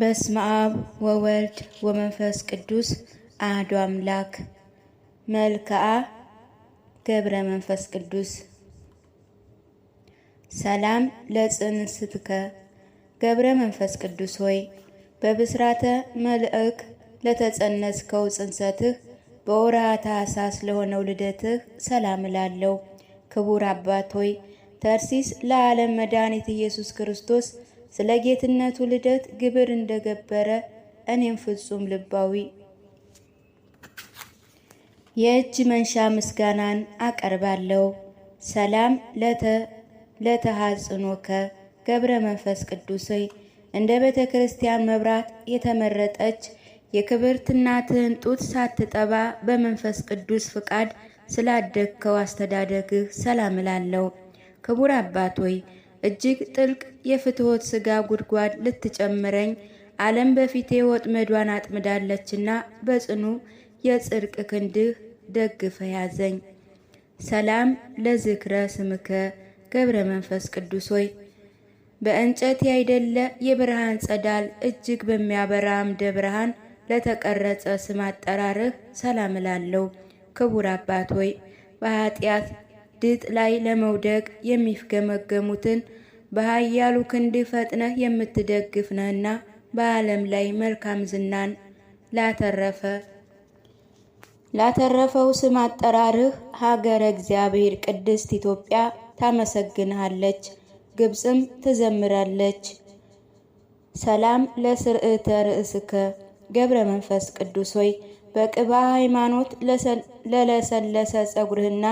በስመ አብ ወወልድ ወመንፈስ ቅዱስ አህዶ አምላክ። መልክአ ገብረ መንፈስ ቅዱስ ሰላም ለጽንስትከ ገብረ መንፈስ ቅዱስ ሆይ በብስራተ መልእክ ለተጸነስከው ጽንሰትህ በወርሃ ታኅሳስ ለሆነው ልደትህ ሰላም እላለሁ። ክቡር አባት ሆይ ተርሲስ ለዓለም መድኃኒት ኢየሱስ ክርስቶስ ስለ ጌትነቱ ልደት ግብር እንደገበረ እኔም ፍጹም ልባዊ የእጅ መንሻ ምስጋናን አቀርባለሁ። ሰላም ለተሐጽኖከ ገብረ መንፈስ ቅዱስይ እንደ ቤተ ክርስቲያን መብራት የተመረጠች የክብርት እናትህን ጡት ሳትጠባ በመንፈስ ቅዱስ ፍቃድ ስላደግከው አስተዳደግህ ሰላም እላለሁ። ክቡር አባት ሆይ እጅግ ጥልቅ የፍትወት ስጋ ጉድጓድ ልትጨምረኝ ዓለም በፊቴ ወጥመዷን አጥምዳለችና በጽኑ የጽድቅ ክንድህ ደግፈ ያዘኝ። ሰላም ለዝክረ ስምከ ገብረ መንፈስ ቅዱስ ሆይ በእንጨት ያይደለ የብርሃን ጸዳል እጅግ በሚያበራ አምደ ብርሃን ለተቀረጸ ስም አጠራርህ ሰላም እላለሁ። ክቡር አባት ሆይ በኃጢአት ድጥ ላይ ለመውደቅ የሚፍገመገሙትን በኃያሉ ክንድ ፈጥነህ የምትደግፍ ነህና በዓለም ላይ መልካም ዝናን ላተረፈ ላተረፈው ስም አጠራርህ ሀገረ እግዚአብሔር ቅድስት ኢትዮጵያ ታመሰግንሃለች፣ ግብፅም ትዘምራለች። ሰላም ለስርዕተ ርእስከ ገብረ መንፈስ ቅዱስ ሆይ በቅባ ሃይማኖት ለለሰለሰ ጸጉርህና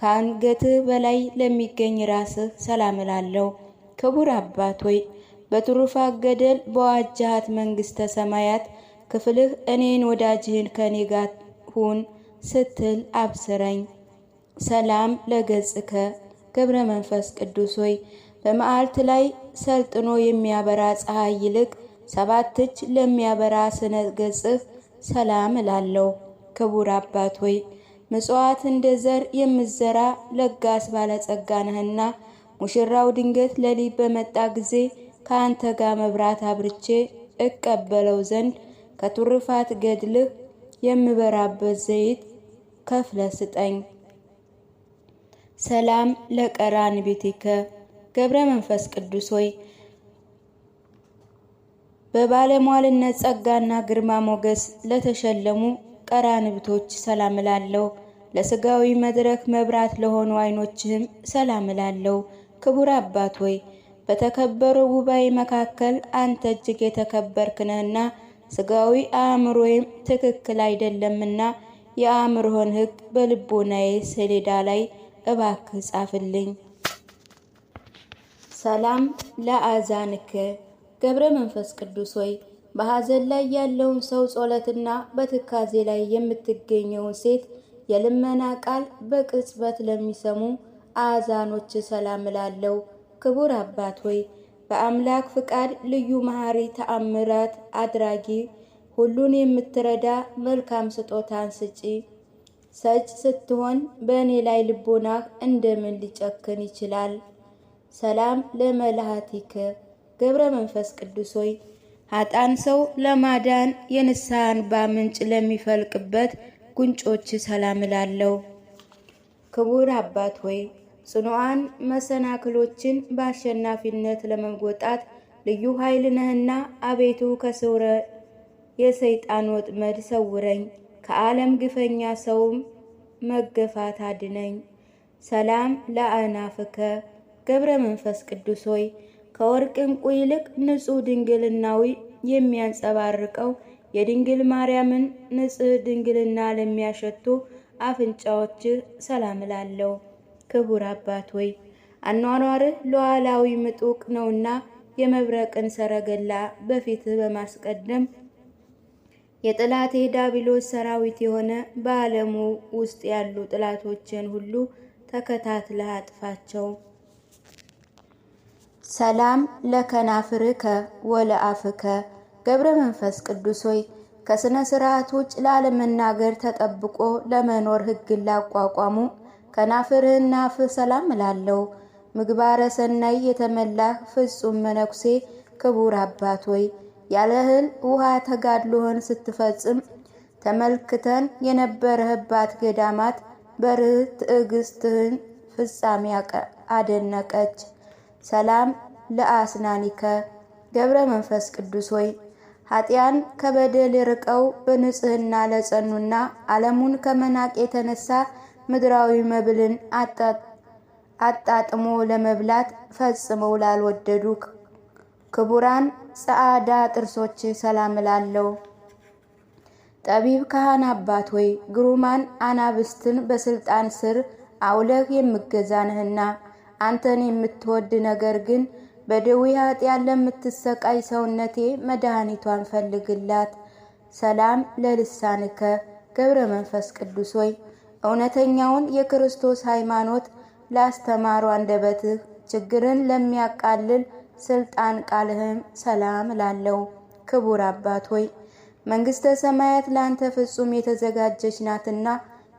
ከአንገት በላይ ለሚገኝ ራስህ ሰላም እላለሁ። ክቡር አባት ሆይ በትሩፋት ገደል በዋጃሃት መንግሥተ ሰማያት ክፍልህ እኔን ወዳጅህን ከኔ ጋር ሁን ስትል አብስረኝ። ሰላም ለገጽከ ገብረ መንፈስ ቅዱስ ሆይ በመዓልት ላይ ሰልጥኖ የሚያበራ ፀሐይ ይልቅ ሰባት እጅ ለሚያበራ ስነ ገጽህ ሰላም እላለሁ። ክቡር አባት ሆይ ምጽዋት እንደ ዘር የምዘራ ለጋስ ባለጸጋ ነህና ሙሽራው ድንገት ሌሊት በመጣ ጊዜ ከአንተ ጋር መብራት አብርቼ እቀበለው ዘንድ ከቱርፋት ገድልህ የምበራበት ዘይት ከፍለ ስጠኝ። ሰላም ለቀራን ቤቴከ ገብረ መንፈስ ቅዱስ ሆይ በባለሟልነት ጸጋና ግርማ ሞገስ ለተሸለሙ ቀራንብቶች ሰላም እላለሁ። ለስጋዊ መድረክ መብራት ለሆኑ አይኖችህም ሰላም እላለሁ። ክቡር አባት ሆይ በተከበረ ጉባኤ መካከል አንተ እጅግ የተከበርክ ነህና ሥጋዊ አእምሮዬም ትክክል አይደለምና የአእምሮህን ሕግ በልቦናዬ ሰሌዳ ላይ እባክህ ጻፍልኝ። ሰላም ለአዛንከ ገብረ መንፈስ ቅዱስ ሆይ በሐዘን ላይ ያለውን ሰው ጸሎትና በትካዜ ላይ የምትገኘውን ሴት የልመና ቃል በቅጽበት ለሚሰሙ አዛኖች ሰላም እላለሁ። ክቡር አባት ሆይ በአምላክ ፍቃድ ልዩ መሐሪ ተአምራት አድራጊ ሁሉን የምትረዳ መልካም ስጦታን ስጪ ሰጭ ስትሆን በእኔ ላይ ልቦናህ እንደምን ሊጨክን ይችላል? ሰላም ለመልሃቲከ ገብረ መንፈስ ቅዱስ ሆይ ሀጣን ሰው ለማዳን የንስሐ እንባ ምንጭ ለሚፈልቅበት ጉንጮች ሰላም እላለሁ። ክቡር አባት ሆይ ጽኑዓን መሰናክሎችን በአሸናፊነት ለመወጣት ልዩ ኃይል ነህና አቤቱ ከስውረ የሰይጣን ወጥመድ ሰውረኝ፣ ከዓለም ግፈኛ ሰውም መገፋት አድነኝ። ሰላም ለአናፍከ ገብረ መንፈስ ቅዱስ ሆይ ከወርቅ ዕንቁ ይልቅ ንጹሕ ድንግልናዊ የሚያንጸባርቀው የድንግል ማርያምን ንጽህ ድንግልና ለሚያሸቱ አፍንጫዎች ሰላም እላለሁ። ክቡር አባት ሆይ አኗኗርህ ሉዓላዊ ምጡቅ ነውና የመብረቅን ሰረገላ በፊትህ በማስቀደም የጠላቴ ዳቢሎስ ሰራዊት የሆነ በዓለሙ ውስጥ ያሉ ጠላቶችን ሁሉ ተከታትለህ አጥፋቸው። ሰላም ለከናፍርከ ወለአፍከ ገብረ መንፈስ ቅዱስ ሆይ ከሥነ ሥርዓት ውጭ ላለመናገር ተጠብቆ ለመኖር ሕግን ላቋቋሙ ከናፍርህና አፍህ ሰላም እላለሁ። ምግባረ ሰናይ የተመላህ ፍጹም መነኩሴ ክቡር አባት ሆይ ያለ እህል ውሃ ተጋድሎህን ስትፈጽም ተመልክተን የነበረህባት ገዳማት በርህ ትዕግስትህን ፍጻሜ አደነቀች። ሰላም ለአስናኒከ ገብረ መንፈስ ቅዱስ ሆይ ኃጢያን ከበደል ርቀው በንጽህና ለጸኑና ዓለሙን ከመናቅ የተነሳ ምድራዊ መብልን አጣጥሞ ለመብላት ፈጽመው ላልወደዱ ክቡራን ጸዓዳ ጥርሶች ሰላም እላለሁ። ጠቢብ ካህን አባት ሆይ ግሩማን አናብስትን በስልጣን ስር አውለህ የምገዛ ነህና አንተን የምትወድ ነገር ግን በደዌ ኃጢአት ለምትሰቃይ ሰውነቴ መድኃኒቷን ፈልግላት። ሰላም ለልሳንከ ገብረ መንፈስ ቅዱስ ሆይ እውነተኛውን የክርስቶስ ሃይማኖት ላስተማሩ አንደበትህ ችግርን ለሚያቃልል ስልጣን ቃልህም ሰላም እላለሁ። ክቡር አባት ሆይ መንግሥተ ሰማያት ለአንተ ፍጹም የተዘጋጀች ናትና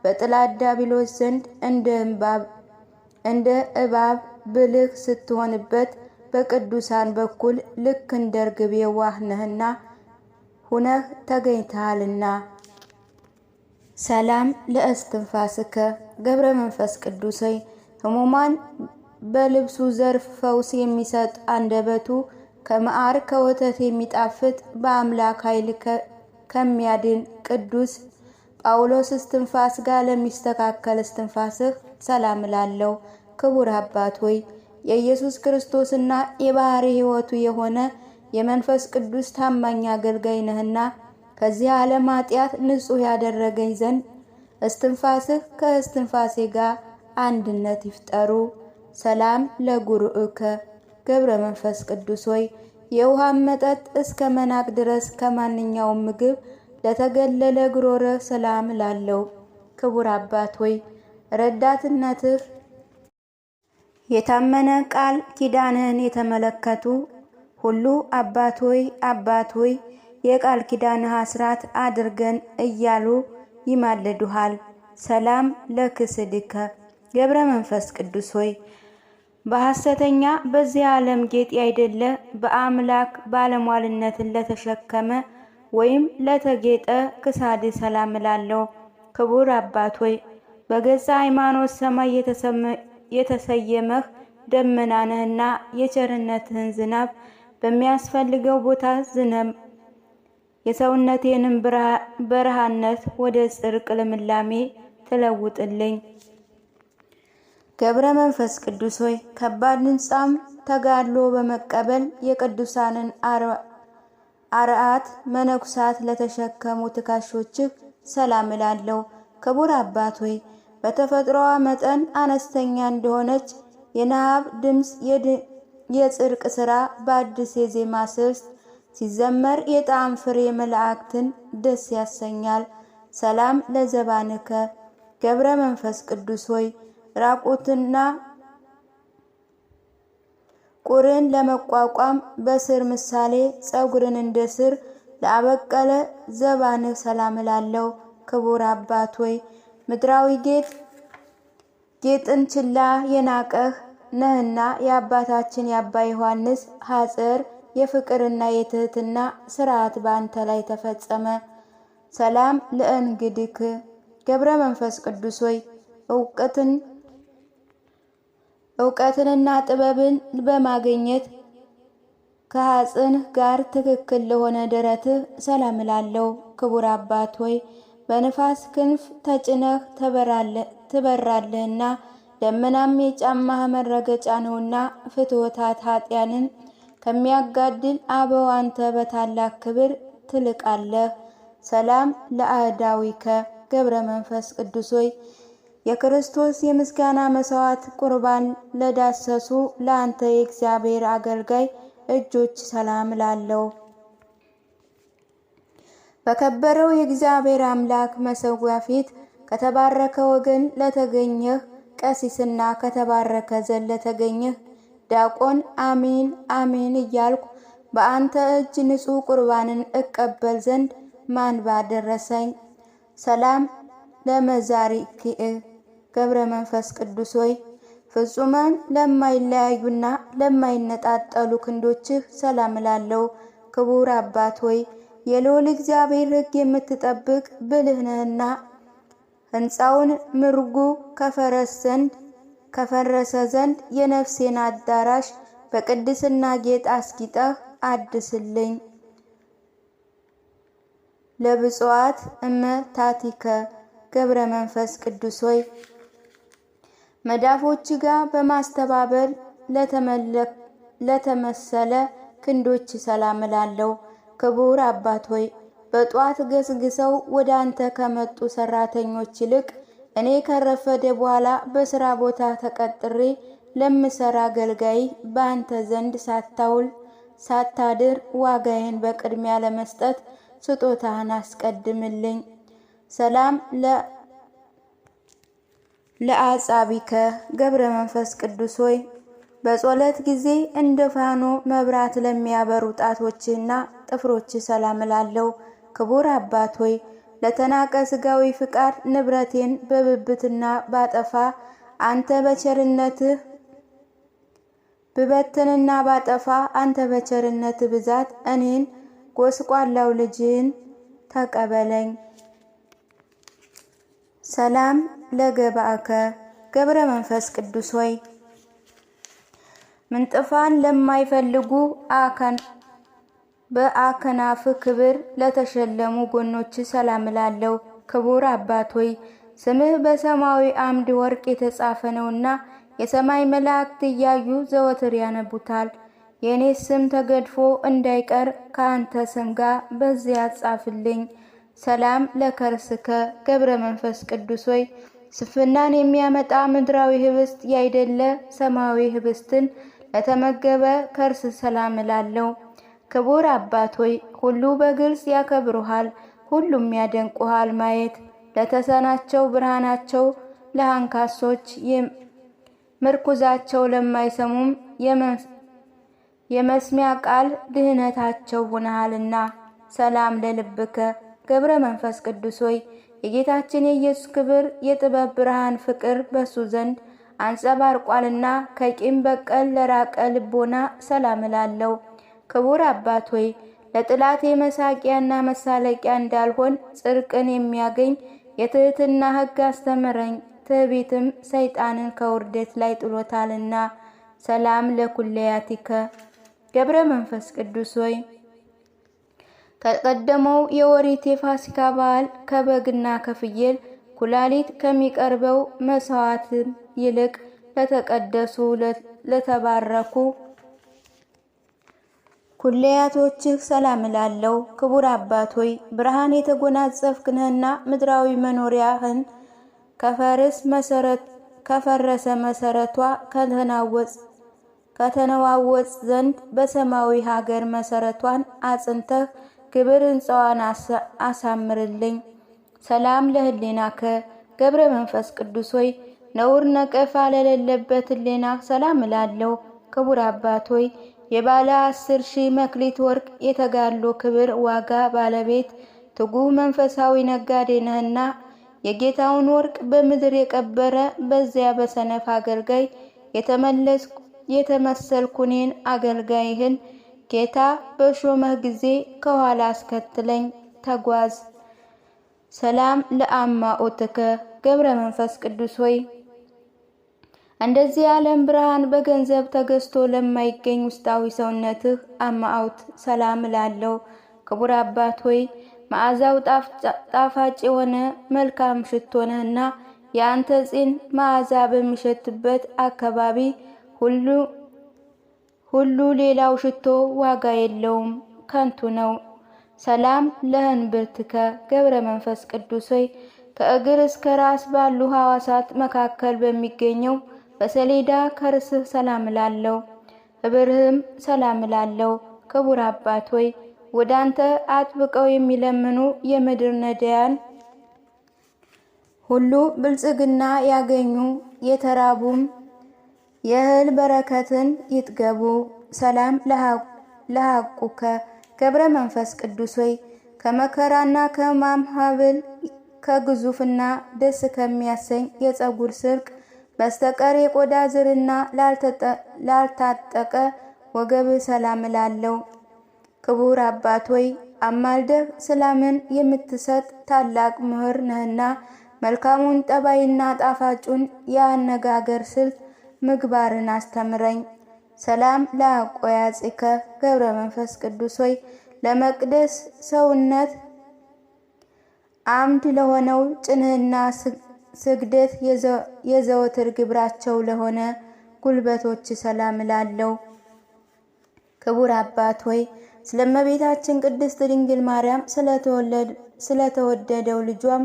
በጥላ ዲያብሎስ ዘንድ እንደ እባብ ብልህ ስትሆንበት በቅዱሳን በኩል ልክ እንደ ርግብ የዋህ ነህና ሁነህ ተገኝተሃልና። ሰላም ለእስትንፋስከ ገብረ መንፈስ ቅዱስ ሆይ በልብሱ ዘርፍ ፈውስ የሚሰጥ አንደበቱ ከመዓር ከወተት የሚጣፍጥ በአምላክ ኃይል ከሚያድን ቅዱስ ጳውሎስ እስትንፋስ ጋር ለሚስተካከል እስትንፋስህ ሰላም እላለሁ። ክቡር አባት ሆይ የኢየሱስ ክርስቶስና የባህሪ ሕይወቱ የሆነ የመንፈስ ቅዱስ ታማኝ አገልጋይ ነህና ከዚህ ዓለም ኃጢአት ንጹሕ ያደረገኝ ዘንድ እስትንፋስህ ከእስትንፋሴ ጋር አንድነት ይፍጠሩ። ሰላም ለጉርዕከ ገብረ መንፈስ ቅዱስ ሆይ የውሃን መጠጥ እስከ መናቅ ድረስ ከማንኛውም ምግብ ለተገለለ ግሮረ ሰላም ላለው ክቡር አባት ሆይ ረዳትነትህ የታመነ ቃል ኪዳንህን የተመለከቱ ሁሉ አባት ሆይ አባት ሆይ የቃል ኪዳንህ አስራት አድርገን እያሉ ይማልዱሃል። ሰላም ለክስድከ ገብረ መንፈስ ቅዱስ ሆይ በሐሰተኛ በዚህ ዓለም ጌጥ ያይደለ በአምላክ ባለሟልነትን ለተሸከመ ወይም ለተጌጠ ክሳድ ሰላም እላለሁ። ክቡር አባት ሆይ በገዛ ሃይማኖት ሰማይ የተሰየመህ ደመና ነህና የቸርነትህን ዝናብ በሚያስፈልገው ቦታ ዝነም። የሰውነቴንም በረሃነት ወደ ጽርቅ ልምላሜ ትለውጥልኝ። ገብረ መንፈስ ቅዱስ ሆይ ከባድ ንጻም ተጋድሎ በመቀበል የቅዱሳንን አርአት መነኩሳት ለተሸከሙ ትካሾችህ ሰላም እላለሁ። ክቡር አባት ሆይ በተፈጥሮዋ መጠን አነስተኛ እንደሆነች የናብ ድምፅ የጽርቅ ሥራ በአዲስ የዜማ ስብስ ሲዘመር የጣዕም ፍሬ መላእክትን ደስ ያሰኛል። ሰላም ለዘባንከ ገብረ መንፈስ ቅዱስ ሆይ ራቁትና ቁርን ለመቋቋም በስር ምሳሌ ፀጉርን እንደ ስር ለአበቀለ ዘባንህ ሰላም እላለሁ። ክቡር አባት ሆይ ምድራዊ ጌጥ ጌጥን ችላ የናቀህ ነህና የአባታችን የአባ ዮሐንስ ሐጽር የፍቅርና የትህትና ስርዓት በአንተ ላይ ተፈጸመ። ሰላም ለእንግድክ ገብረ መንፈስ ቅዱስ ሆይ እውቀትን እውቀትንና ጥበብን በማግኘት ከሐጽን ጋር ትክክል ለሆነ ደረትህ ሰላም እላለሁ። ክቡር አባት ሆይ በንፋስ ክንፍ ተጭነህ ትበራለህና ደመናም የጫማህ መረገጫ ነውና ፍትወታት ኃጢያንን ከሚያጋድል አበው አንተ በታላቅ ክብር ትልቃለህ። ሰላም ለአህዳዊከ ገብረ መንፈስ ቅዱስ ሆይ የክርስቶስ የምስጋና መስዋዕት ቁርባን ለዳሰሱ ለአንተ የእግዚአብሔር አገልጋይ እጆች ሰላም ላለው በከበረው የእግዚአብሔር አምላክ መሰዊያ ፊት ከተባረከ ወገን ለተገኘህ ቀሲስና ከተባረከ ዘን ለተገኘህ ዲያቆን አሜን አሜን እያልኩ በአንተ እጅ ንጹሕ ቁርባንን እቀበል ዘንድ ማንባ ደረሰኝ። ሰላም ለመዛሪክ ገብረ መንፈስ ቅዱስ ሆይ ፍጹማን ለማይለያዩና ለማይነጣጠሉ ክንዶችህ ሰላም እላለሁ። ክቡር አባት ሆይ የልዑል እግዚአብሔር ሕግ የምትጠብቅ ብልህ ነህና ሕንፃውን ምርጉ ከፈረስ ዘንድ ከፈረሰ ዘንድ የነፍሴን አዳራሽ በቅድስና ጌጥ አስጊጠህ አድስልኝ። ለብፁዓት እመ ታቲከ ገብረ መንፈስ ቅዱስ ሆይ መዳፎች ጋር በማስተባበር ለተመሰለ ክንዶች ሰላም እላለሁ። ክቡር አባት ሆይ በጧት ገስግሰው ወደ አንተ ከመጡ ሰራተኞች ይልቅ እኔ ከረፈደ በኋላ በስራ ቦታ ተቀጥሬ ለምሰራ አገልጋይ በአንተ ዘንድ ሳታውል ሳታድር ዋጋዬን በቅድሚያ ለመስጠት ስጦታህን አስቀድምልኝ። ሰላም ለአጻቢከ ገብረ መንፈስ ቅዱስ ሆይ በጸሎት ጊዜ እንደ ፋኖ መብራት ለሚያበሩ ጣቶችና ጥፍሮች ሰላም እላለሁ። ክቡር አባት ሆይ ለተናቀ ስጋዊ ፍቃድ ንብረቴን በብብትና ባጠፋ አንተ በቸርነትህ ብበትንና ባጠፋ አንተ በቸርነት ብዛት እኔን ጎስቋላው ልጅህን ተቀበለኝ። ሰላም ለገባከ ገብረ መንፈስ ቅዱስ ሆይ ምንጥፋን ለማይፈልጉ አካን በአከናፍ ክብር ለተሸለሙ ጎኖች ሰላም እላለሁ። ክቡር አባት ሆይ ስምህ በሰማያዊ አምድ ወርቅ የተጻፈ ነውና የሰማይ መላእክት እያዩ ዘወትር ያነቡታል። የእኔ ስም ተገድፎ እንዳይቀር ከአንተ ስም ጋር በዚያ ጻፍልኝ። ሰላም ለከርስከ ገብረ መንፈስ ቅዱስ ሆይ ስፍናን የሚያመጣ ምድራዊ ህብስት ያይደለ ሰማያዊ ህብስትን ለተመገበ ከርስ ሰላም እላለሁ። ክቡር አባት ሆይ ሁሉ በግልጽ ያከብሩሃል፣ ሁሉም ያደንቁሃል። ማየት ለተሰናቸው ብርሃናቸው፣ ለአንካሶች ምርኩዛቸው፣ ለማይሰሙም የመስሚያ ቃል ድህነታቸው ሆነሃልና። ሰላም ለልብከ ገብረ መንፈስ ቅዱስ ሆይ የጌታችን የኢየሱስ ክብር የጥበብ ብርሃን ፍቅር በሱ ዘንድ አንጸባርቋልና ከቂም በቀል ለራቀ ልቦና ሰላም እላለው። ክቡር አባት ሆይ ለጥላቴ መሳቂያና መሳለቂያ እንዳልሆን ጽርቅን የሚያገኝ የትህትና ሕግ አስተምረኝ። ትዕቢትም ሰይጣንን ከውርደት ላይ ጥሎታልና። ሰላም ለኩለያቲከ ገብረ መንፈስ ቅዱስ ሆይ ከቀደመው የወሪት የፋሲካ በዓል ከበግና ከፍየል ኩላሊት ከሚቀርበው መስዋዕት ይልቅ ለተቀደሱ ለተባረኩ ኩሌያቶችህ ሰላም እላለሁ። ክቡር አባት ሆይ ብርሃን የተጎናጸፍክንህና ምድራዊ መኖሪያህን ከፈርስ መሰረት ከፈረሰ መሰረቷ ከተነዋወጽ ዘንድ በሰማያዊ ሀገር መሰረቷን አጽንተህ ክብር ሕንፃዋን አሳምርልኝ። ሰላም ከ ገብረ መንፈስ ቅዱስ ሆይ ነውር ነቀፋ ለሌለበት ህሊና ሰላም እላለሁ። ክቡር አባት ሆይ የባለ አስር ሺህ መክሊት ወርቅ የተጋድሎ ክብር ዋጋ ባለቤት ትጉህ መንፈሳዊ ነጋዴ ነህና የጌታውን ወርቅ በምድር የቀበረ በዚያ በሰነፍ አገልጋይ የተመሰልኩ እኔን አገልጋይህን ጌታ በሾመህ ጊዜ ከኋላ አስከትለኝ ተጓዝ። ሰላም ለአማኦትከ ገብረ መንፈስ ቅዱስ ሆይ እንደዚህ የዓለም ብርሃን በገንዘብ ተገዝቶ ለማይገኝ ውስጣዊ ሰውነትህ አማአውት ሰላም እላለሁ። ክቡር አባት ሆይ መዓዛው ጣፋጭ የሆነ መልካም ሽቶ ነህና የአንተ ፂን መዓዛ በሚሸትበት አካባቢ ሁሉ ሁሉ ሌላው ሽቶ ዋጋ የለውም፣ ከንቱ ነው። ሰላም ለእንብርትከ ገብረ መንፈስ ቅዱስ ሆይ ከእግር እስከ ራስ ባሉ ሐዋሳት መካከል በሚገኘው በሰሌዳ ከርስህ ሰላም ላለው እብርህም ሰላም ላለው ክቡር አባት ሆይ ወደ አንተ አጥብቀው የሚለምኑ የምድር ነዳያን ሁሉ ብልጽግና ያገኙ፣ የተራቡም የእህል በረከትን ይጥገቡ። ሰላም ለሐቁከ ገብረ መንፈስ ቅዱስ ሆይ ከመከራና ከማም ከግዙፍና ደስ ከሚያሰኝ የፀጉር ስርቅ በስተቀር የቆዳ ዝርና ላልታጠቀ ወገብ ሰላም እላለሁ። ክቡር አባት ሆይ አማልደህ ሰላምን የምትሰጥ ታላቅ ምህር ነህና መልካሙን ጠባይና ጣፋጩን የአነጋገር ስልት ምግባርን አስተምረኝ። ሰላም ለአቆያጽከ ገብረ መንፈስ ቅዱስ ሆይ ለመቅደስ ሰውነት አምድ ለሆነው ጭንህና ስግደት የዘወትር ግብራቸው ለሆነ ጉልበቶች ሰላም እላለሁ። ክቡር አባት ሆይ ስለመቤታችን ቅድስት ድንግል ማርያም ስለተወደደው ልጇም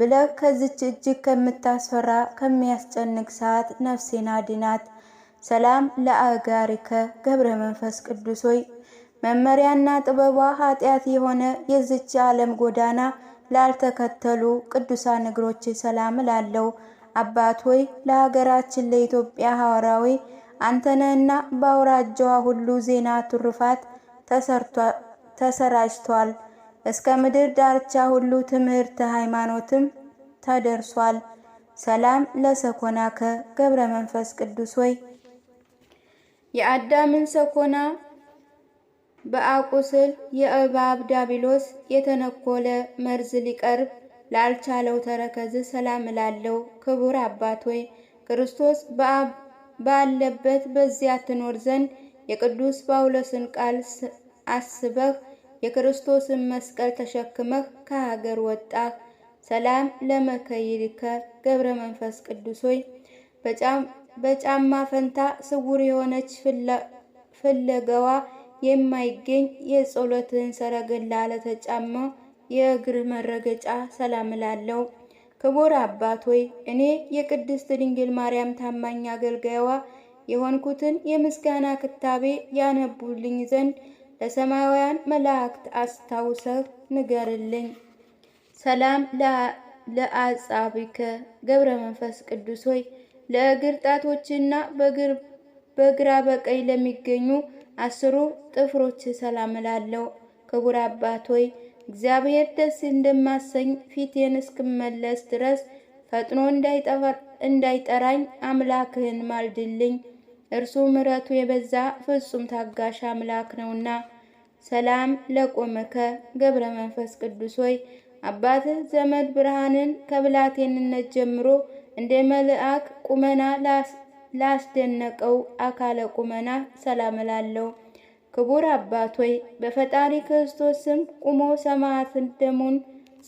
ብለህ ከዚች እጅግ ከምታስፈራ ከሚያስጨንቅ ሰዓት ነፍሴን አድናት። ሰላም ለአጋሪከ ገብረ መንፈስ ቅዱስ ሆይ መመሪያና ጥበቧ ኃጢአት የሆነ የዝች ዓለም ጎዳና ላልተከተሉ ቅዱሳን እግሮች ሰላም እላለሁ። አባት ሆይ ለሀገራችን ለኢትዮጵያ ሐዋርያዊ አንተነህና በአውራጃዋ ሁሉ ዜና ትሩፋት ተሰራጅቷል። እስከ ምድር ዳርቻ ሁሉ ትምህርት ሃይማኖትም ተደርሷል። ሰላም ለሰኮናከ ገብረ መንፈስ ቅዱስ ሆይ የአዳምን ሰኮና በአቁስል የእባብ ዳቢሎስ የተነኮለ መርዝ ሊቀርብ ላልቻለው ተረከዝ ሰላም እላለሁ። ክቡር አባት ሆይ ክርስቶስ ባለበት በዚያ ትኖር ዘንድ የቅዱስ ጳውሎስን ቃል አስበህ የክርስቶስን መስቀል ተሸክመህ ከሀገር ወጣህ። ሰላም ለመከይልከ ገብረ መንፈስ ቅዱስ ሆይ በጫማ ፈንታ ስውር የሆነች ፍለገዋ የማይገኝ የጸሎትን ሰረገላ ለተጫማው የእግር መረገጫ ሰላም እላለሁ። ክቡር አባት ሆይ እኔ የቅድስት ድንግል ማርያም ታማኝ አገልጋይዋ የሆንኩትን የምስጋና ክታቤ ያነቡልኝ ዘንድ ለሰማያውያን መላእክት አስታውሰህ ንገርልኝ። ሰላም ለአጻቢከ ገብረ መንፈስ ቅዱስ ሆይ ለእግር ጣቶችና በግራ በቀኝ ለሚገኙ አስሩ ጥፍሮች ሰላም እላለሁ። ክቡር አባት ሆይ እግዚአብሔር ደስ እንደማሰኝ ፊቴን እስክመለስ ድረስ ፈጥኖ እንዳይጠራኝ አምላክህን ማልድልኝ። እርሱ ምሕረቱ የበዛ ፍጹም ታጋሽ አምላክ ነውና። ሰላም ለቆመከ ገብረ መንፈስ ቅዱስ ሆይ አባትህ ዘመድ ብርሃንን ከብላቴንነት ጀምሮ እንደ መልአክ ቁመና ላስደነቀው አካለ ቁመና ሰላም እላለሁ። ክቡር አባቶይ በፈጣሪ ክርስቶስ ስም ቁሞ ሰማዕትን ደሙን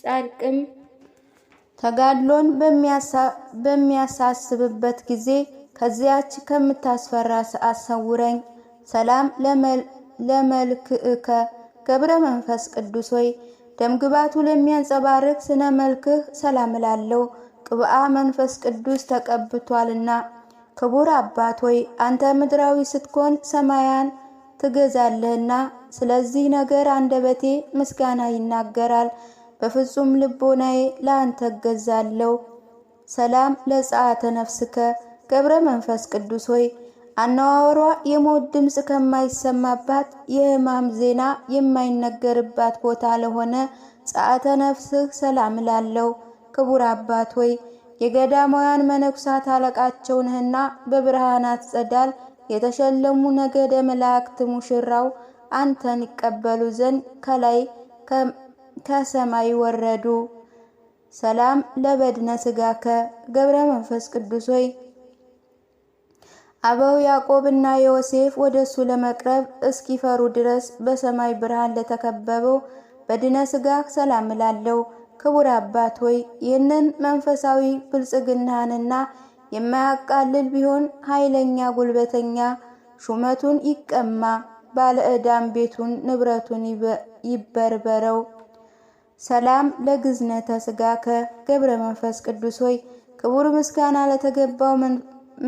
ጻድቅም ተጋድሎን በሚያሳስብበት ጊዜ ከዚያች ከምታስፈራ አሰውረኝ። ሰላም ለመልክዕከ ገብረ መንፈስ ቅዱስ ሆይ ደምግባቱ ለሚያንጸባርቅ ስነ መልክህ ሰላም እላለሁ። ቅብአ መንፈስ ቅዱስ ተቀብቷልና ክቡር አባት ሆይ አንተ ምድራዊ ስትኮን ሰማያን ትገዛለህና ስለዚህ ነገር አንደበቴ ምስጋና ይናገራል፣ በፍጹም ልቦናዬ ለአንተ እገዛለሁ። ሰላም ለፀአተ ነፍስከ ገብረ መንፈስ ቅዱስ ሆይ አነዋወሯ የሞት ድምፅ ከማይሰማባት የሕማም ዜና የማይነገርባት ቦታ ለሆነ ፀአተ ነፍስህ ሰላም እላለሁ። ክቡር አባት ሆይ የገዳማውያን መነኩሳት አለቃቸው ነህና በብርሃናት ጸዳል የተሸለሙ ነገደ መላእክት ሙሽራው አንተን ይቀበሉ ዘንድ ከላይ ከሰማይ ወረዱ። ሰላም ለበድነ ስጋከ ገብረ መንፈስ ቅዱስ ሆይ አበው ያዕቆብ እና ዮሴፍ ወደ እሱ ለመቅረብ እስኪፈሩ ድረስ በሰማይ ብርሃን ለተከበበው በድነ ስጋ ሰላም እላለሁ። ክቡር አባት ሆይ ይህንን መንፈሳዊ ብልጽግናህንና የማያቃልል ቢሆን ኃይለኛ ጉልበተኛ ሹመቱን ይቀማ፣ ባለ ዕዳም ቤቱን ንብረቱን ይበርበረው። ሰላም ለግዝነተ ስጋከ ገብረ መንፈስ ቅዱስ ሆይ ክቡር ምስጋና ለተገባው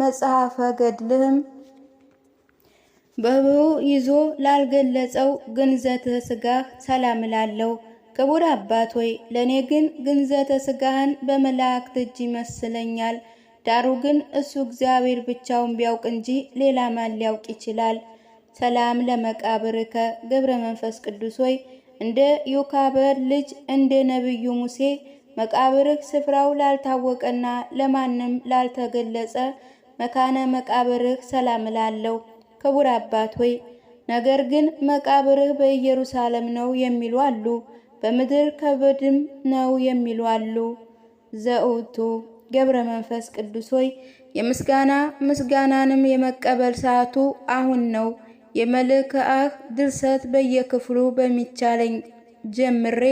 መጽሐፈ ገድልህም በህብሁ ይዞ ላልገለጸው ግንዘተ ስጋ ሰላም እላለሁ። ክቡር አባት ሆይ ለእኔ ግን ግንዘተ ስጋህን በመላእክት እጅ ይመስለኛል። ዳሩ ግን እሱ እግዚአብሔር ብቻውን ቢያውቅ እንጂ ሌላ ማን ሊያውቅ ይችላል? ሰላም ለመቃብርከ ገብረ መንፈስ ቅዱስ ሆይ እንደ ዮካበር ልጅ እንደ ነቢዩ ሙሴ መቃብርህ ስፍራው ላልታወቀና ለማንም ላልተገለጸ መካነ መቃብርህ ሰላም እላለሁ። ክቡር አባት ሆይ ነገር ግን መቃብርህ በኢየሩሳሌም ነው የሚሉ አሉ። በምድር ከበድም ነው የሚሉ አሉ። ዘውቱ ገብረ መንፈስ ቅዱስ ሆይ የምስጋና ምስጋናንም የመቀበል ሰዓቱ አሁን ነው። የመልክአህ ድርሰት በየክፍሉ በሚቻለኝ ጀምሬ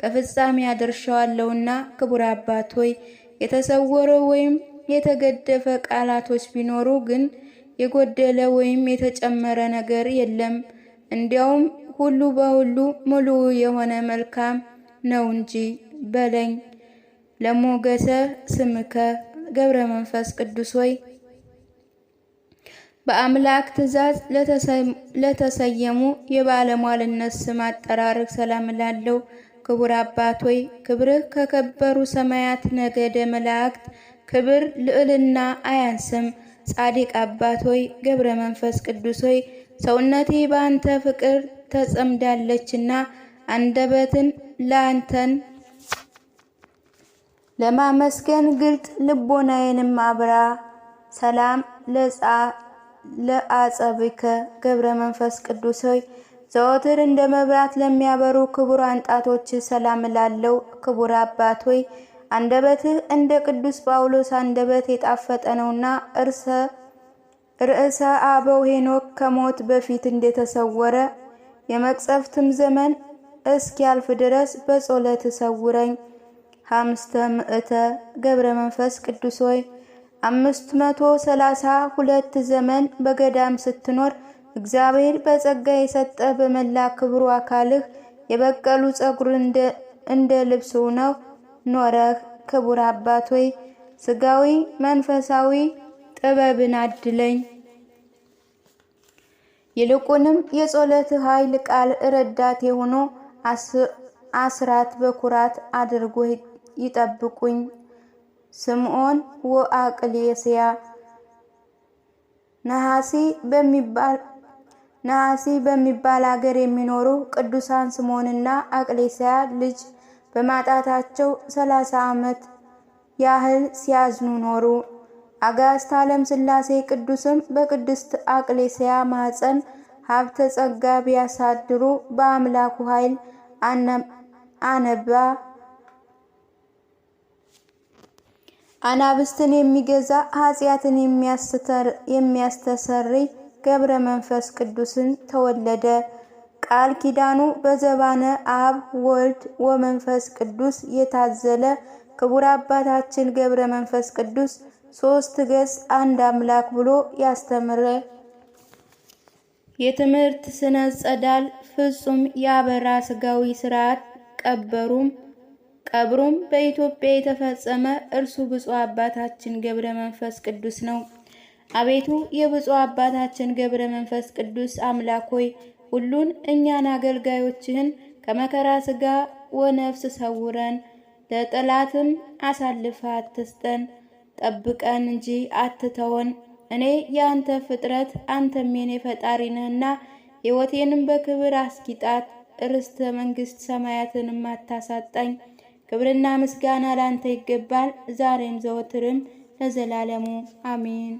ከፍጻሜ አደርሻዋለሁና ክቡር አባት ሆይ የተሰወረ ወይም የተገደፈ ቃላቶች ቢኖሩ ግን የጎደለ ወይም የተጨመረ ነገር የለም። እንዲያውም ሁሉ በሁሉ ሙሉ የሆነ መልካም ነው እንጂ በለኝ ለሞገሰ ስምከ ገብረ መንፈስ ቅዱስ ሆይ በአምላክ ትእዛዝ ለተሰየሙ የባለሟልነት ስም አጠራርህ ሰላም እላለሁ። ክቡር አባት ሆይ ክብርህ ከከበሩ ሰማያት ነገደ መላእክት ክብር ልዕልና አያንስም። ጻድቅ አባት ሆይ ገብረ መንፈስ ቅዱስ ሆይ ሰውነቴ በአንተ ፍቅር ተጸምዳለችና አንደበትን ለአንተን ለማመስገን ግልጥ ልቦናዬንም አብራ። ሰላም ለጻ ለአጸብከ ገብረ መንፈስ ቅዱስ ሆይ ዘወትር እንደ መብራት ለሚያበሩ ክቡር አንጣቶች ሰላም ላለው ክቡር አባት ሆይ አንደበትህ እንደ ቅዱስ ጳውሎስ አንደበት የጣፈጠ ነውና እርሰ ርዕሰ አበው ሄኖክ ከሞት በፊት እንደተሰወረ የመቅሰፍትም ዘመን እስኪያልፍ ድረስ በጸሎት ሰውረኝ። ሀምስተ ምዕተ ገብረ መንፈስ ቅዱስ ሆይ አምስት መቶ ሰላሳ ሁለት ዘመን በገዳም ስትኖር እግዚአብሔር በጸጋ የሰጠ በመላ ክብሩ አካልህ የበቀሉ ጸጉር እንደ ልብስ ሆነው ኖረህ። ክቡር አባት ሆይ ስጋዊ መንፈሳዊ ጥበብን አድለኝ። ይልቁንም የጸሎት ኃይል ቃል ረዳት የሆኑ አስራት በኩራት አድርጎ ይጠብቁኝ። ስምዖን ወአቅሌስያ ነሐሲ በሚባል ነሐሲ በሚባል አገር የሚኖሩ ቅዱሳን ስምዖንና አቅሌስያ ልጅ በማጣታቸው ሰላሳ ዓመት ያህል ሲያዝኑ ኖሩ። አጋዕዝተ ዓለም ሥላሴ ቅዱስም በቅድስት አቅሌስያ ማኅፀን ሀብተ ጸጋ ቢያሳድሩ በአምላኩ ኃይል አነባ አናብስትን የሚገዛ ኃጢአትን የሚያስተሰሪ ገብረ መንፈስ ቅዱስን ተወለደ። ቃል ኪዳኑ በዘባነ አብ ወልድ ወመንፈስ ቅዱስ የታዘለ ክቡር አባታችን ገብረ መንፈስ ቅዱስ ሶስት ገጽ አንድ አምላክ ብሎ ያስተምረ የትምህርት ስነ ጸዳል ፍጹም ያበራ ስጋዊ ስርዓት ቀበሩም ቀብሩም በኢትዮጵያ የተፈጸመ እርሱ ብፁዕ አባታችን ገብረ መንፈስ ቅዱስ ነው። አቤቱ የብፁዕ አባታችን ገብረ መንፈስ ቅዱስ አምላክ ሆይ ሁሉን እኛን አገልጋዮችህን ከመከራ ስጋ ወነፍስ ሰውረን፣ ለጠላትም አሳልፋት አትስጠን። ጠብቀን እንጂ አትተወን። እኔ የአንተ ፍጥረት አንተም የኔ ፈጣሪ ነህና ሕይወቴንም በክብር አስጊጣት፣ ርስተ መንግስት ሰማያትንም አታሳጣኝ። ክብርና ምስጋና ላንተ ይገባል፣ ዛሬም ዘወትርም ለዘላለሙ አሜን።